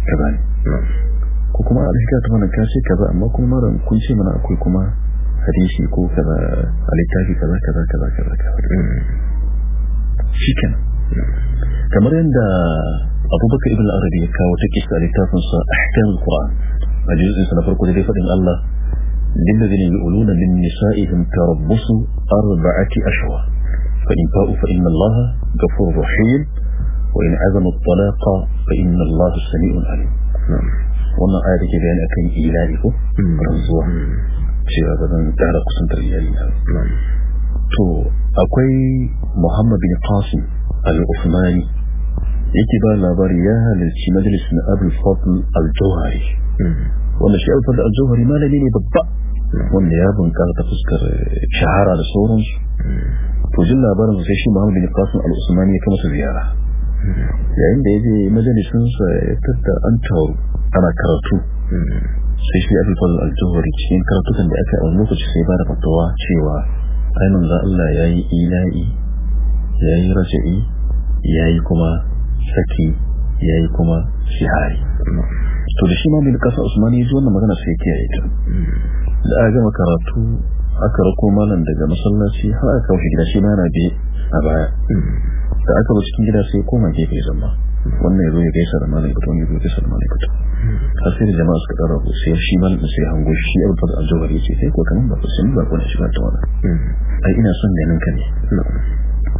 kaza ne ko kuma alhika ta mana kashi kaza amma kuma mara kun ce mana akwai kuma shi ko kaza a littafi kaza kaza kaza kaza kaza shi kenan kamar yadda abubakar ibn arabi ya kawo ta kisa littafinsa ahkam al-qur'an a juz'in sa na farko da fadin Allah lillazina yu'luna min nisa'ihim tarabbusu arba'ati ashwa fa in fa'u fa inna Allah ghafurur rahim wa in azama at-talaq fa inna Allah sami'un alim wannan aya da ke bayani akan ilahi ko rantsuwa cewa ba zan tsara kusantar iyali na to akwai Muhammad bin Qasim al yake ba labari ya halarci majalisin Abdul Fadl al-Jawhari wanda shi Abdul Fadl al-Jawhari malami ne babba wanda ya bunkasa ta fuskar eh, shahara da sauransu to jin labarin sai shi Muhammad bin Qasim al-Uthmani ya kama su ziyara yayin da yaje majalisin sa ya tada an taru ana karatu sai shi Abdul Fadl al-Jawhari cikin karatukan da aka yi a lokaci sai ba da fatawa cewa ai manzo Allah yayi ilahi ya yi raja'i ya yi kuma saki ya yi kuma shihari to da shi ma bin kasa usmani ya ji wannan magana sai kiyaye ta da a gama karatu aka rako malam daga masallaci har aka kawo gida shi ma yana bi a baya da aka ba cikin gida sai koma gefe zama wannan yazo ya gaisa da malam fito ya gaisa da malam fito har sai da jama'a suka dara ku sai shi malam sai hango shi abu da aljawari ce sai ko kaman ba ku sun ba ku na shiga ta wannan ai ina son ganin ka ne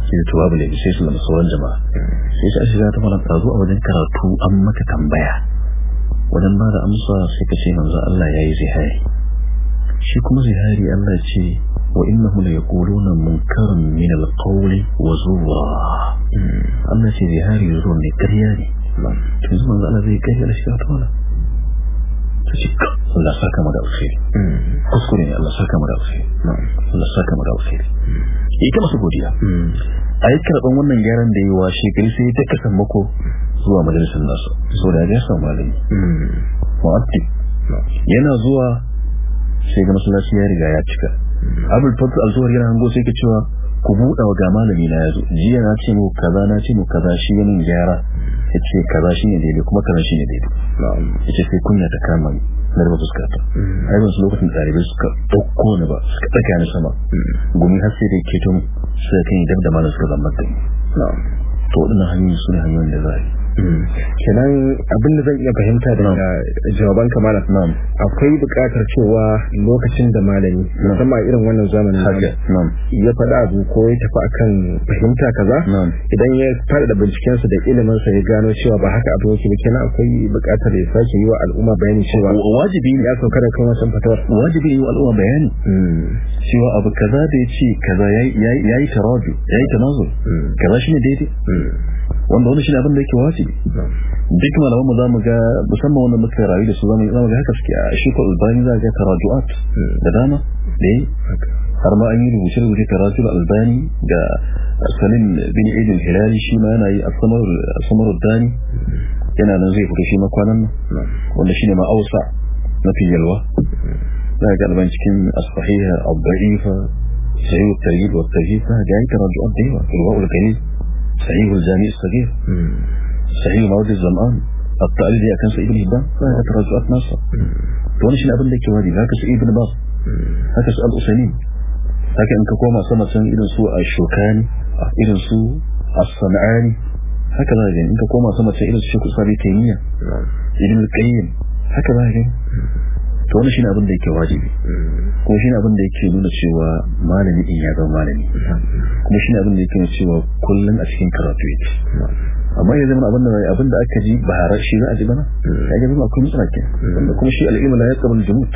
Sai da tuwa bule sai su da sauran jama'a sai sai a shiga ta malam tazo a wajen karatu an maka tambaya wajen ba da amsa sai ka ce manzo Allah ya yi zihari shi kuma zihari Allah ce wa innahu la yaquluna munkaran min al-qawli wa zuwa hmm. Allah ce zihari zuwa ne ƙarya ne to hmm. manzo Allah zai kai da shi ta malam ta ce Allah saka mu da alkhairi kuskure ne Allah saka mu da alkhairi Allah saka mu da alkhairi ita masu godiya a yi karɓar wannan gyaran da yi wa shekaru sai ta kasan mako zuwa majalisar nasu so da ya samu malami mu'addi yana zuwa sai ga masallaci ya riga ya cika abul fadl al-zuhri yana hango sai ke cewa ku buɗa wa ga malami na yazo jiya na ce mu kaza na ce mu kaza shi ganin gyara ya ce kaza shi ne daidai kuma kaza shi ne daidai ya ce sai kunya ta kama na suka ta a yanzu lokacin da suka ɗauko ni ba suka ɗaga ni sama mm. gumi har sai dai keton sai kan yi dab da malam suka zama da to waɗannan hanyoyi su ne hanyoyin da za a yi Mm. kenan abin da zan iya fahimta daga jawaban kamala akwai bukatar cewa lokacin da malami musamman irin wannan zamanin nan. ya faɗa abu ko ya tafi akan fahimta kaza idan ya fara da binciken da ilimin sa ya gano cewa ba haka abu yake kenan akwai bukatar ya sake yi wa al'umma bayani cewa wajibi ne ya saukar da kan wasan fatawar wajibi ne wa al'umma bayani mm. cewa abu kaza da ya ce kaza yayi yayi tarabi yayi tanazzul mm. kaza shine daidai wanda wani ne abin da yake wafi duk malaman mu za mu ga musamman wanda muka rayu da su za mu ga haka suke a shi ko albani za ga tarajuat da dama ne har ma an yi rubuce rubuce taraju'at albani ga salim bin aid al-hilali shi ma yana yi as-samar as dani yana nan zai fito shi ma kwanan nan wanda shi ne ma ausa mafi yalwa za ga alban cikin as-sahiha ad-da'ifa sayyid at-tarjid wa at-tajhid ga tarajuat da yawa ruwa al صحيح الجامع الصغير صحيح مواد الزمان التقليد كان سعيد بن هبان فهذا رجعت ناصر وانا شنو ابن لك وادي هكا سعيد بن باز هكا سؤال أسليم هكا انك كوما صمت سن إذن سوء الشوكاني إذن سوء الصنعاني هكذا يعني انك كوما صمت سن إذن سوء صبي تيمية إذن القيم هكذا يعني to wani shi abin da yake wajibi kuma shi abin da yake nuna cewa malami in ya zama malami kuma shi abin da yake nuna cewa kullum a cikin karatu yake amma ya zama abin da aka ji ba shi za a ji bana ya ga zama kuma mutsaki wanda kuma shi al'ilmu la yaqbal jumut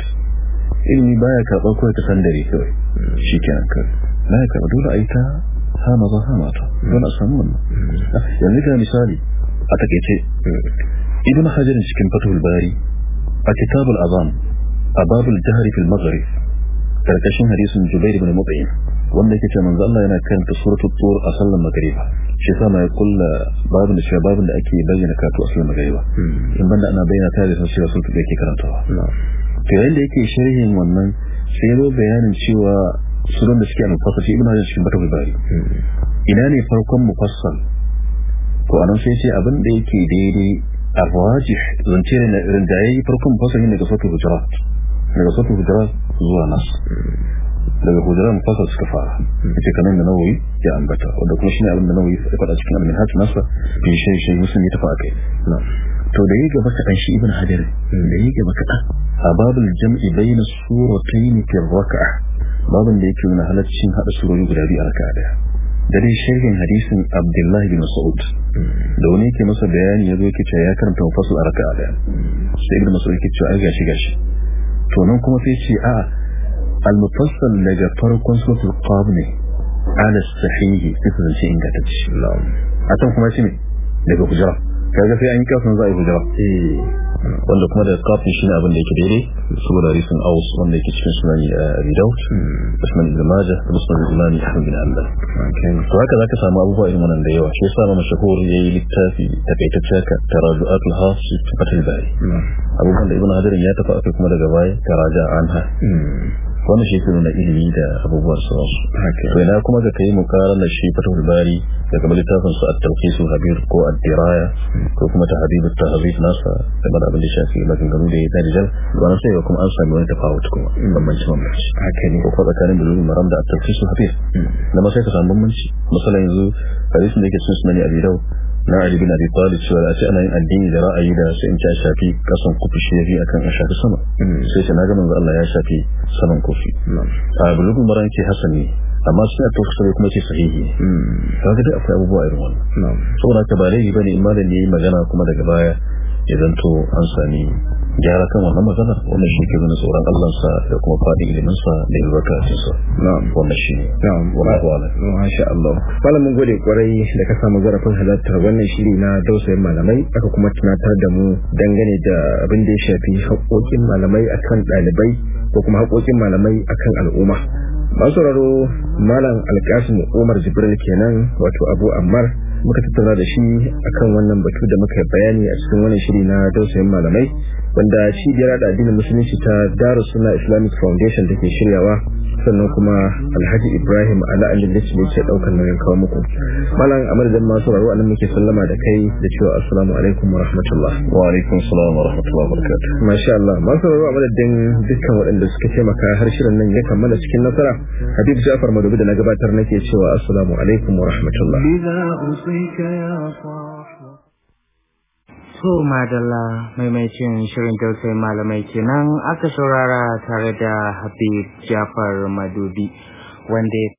ilmi baya karɓar kawai ta sandare kawai shi kenan na baya karɓar dole a yi ta hama ba hama ta dole a samu wannan yanzu ga misali a takaice ibn hajar cikin fatul bari a kitabul azam a babul jihari fil maghrib karkashin hadisin jubair ibn mutayyib wanda yake ce manzo Allah yana kan suratul tur a sallar magriba shi sa ya kulla babin da babin da ake bayyana katu a sallar magriba in banda ana bayyana ta da sai suratul da yake karantawa to yayin da yake sharhin wannan sai ro bayanin cewa suran da suke al-mufassal ibn hajar cikin batul bai. ina ne farkon mufassal to anan sai ce abin da yake daidai a rajih zance ne na irin da yayi farkon mufassal ne daga suratul hujurat اللي وصلت في الدراسة زورة نصر لو يقول لها مقصر سكفارة في كمان منوي يا أنبتا وده كل شيء نعلم منوي يقول أشكنا من هذا نصر في شيء شيء مسلم يتفاقه نعم تو ده يجب أن يكون شيء ابن حجر ده يجب أن يكون الجمع بين السورتين كالركع باب اللي يكون من حالة هذا السورة يقول هذه أركع ده ده شيء من عبد الله بن مسعود ده ونيك مصر بيان يدوك تشاياكرم تنفصل أركع ده سيد مصر يكتشو أغاشي غاشي to nan kuma sai ce a al-mufassal daga farkon suratul qaf ne ala sahihi sai ku zance ingantacce a can kuma shi ne daga hujra kaga sai an yi kafin za a yi hujra eh wanda kuma da kafin shi ne abin da yake daidai saboda risin aus wanda yake cikin sunan eh, abi daud hmm. usman ibn majah da musnad imam ahmad bin hanbal to haka zaka samu abubuwa irin wannan da yawa shi yasa ma mashhur yayi littafi takaitacce ka tarajuat al-hasid fatil bari hmm. abubuwan da ibn hajar ya tafi akai kuma daga baya ta taraja anha hmm. wannan shekaru na ilimi da abubuwan su wasu kuma ga kai mukarana shi fatul bari daga littafin su at-tawqisu habir ko ad-diraya ko kuma at nasa da abin da shafi da sai kuma an sami wani tafawut kuma bambanci haka ne ko maram da at habir hmm. na masai ka samu yanzu hadisin da yake Abi na Ali bin Abi Talib cewa a ce ana yin addini da ra'ayi da sai in ta shafi kasan kufi shi akan a shafi sama hmm. sai ce naga manzo Allah ya shafi saman kufi hmm. a bulugul maran ce hasani amma sai a tafsiri kuma ce sahihi hmm. kaga da akwai abubuwa irin wannan saboda ka bare bane imanin ne magana kuma daga baya idan to an sami gyara kan wannan maganar wannan shi ke nuna tsoron Allah da kuma faɗi iliminsa da yi baka na wannan shi ne masha Allah malam mun gode kwarai da ka samu zarafin halartar wannan shiri na dausayin malamai aka kuma tunatar da mu dangane da abin da ya shafi haƙoƙin malamai akan ɗalibai ko kuma haƙoƙin malamai akan al'umma masu raro malam alƙasim umar jibril kenan wato abu ammar muka tattauna da shi akan wannan batu da muka bayani a cikin wannan shiri na dausayin malamai wanda cibiyar da addinin musulunci ta dara suna islamic foundation da ke shiryawa sannan kuma alhaji ibrahim ala alilis ne ke ɗaukan nauyin kawo muku malam a madadin masu rarwa nan muke sallama da kai da cewa assalamu alaikum wa rahmatullah wa alaikum salam wa rahmatullah wa barakatuh masha Allah masu rarwa a madadin dukkan waɗanda suka taimaka har shirin nan ya kammala cikin nasara habib jafar madubi da na gabatar nake cewa assalamu alaikum wa rahmatullah mai mai cin shirin tausayin malamai kenan aka saurara tare da Habib Jafar madubi wanda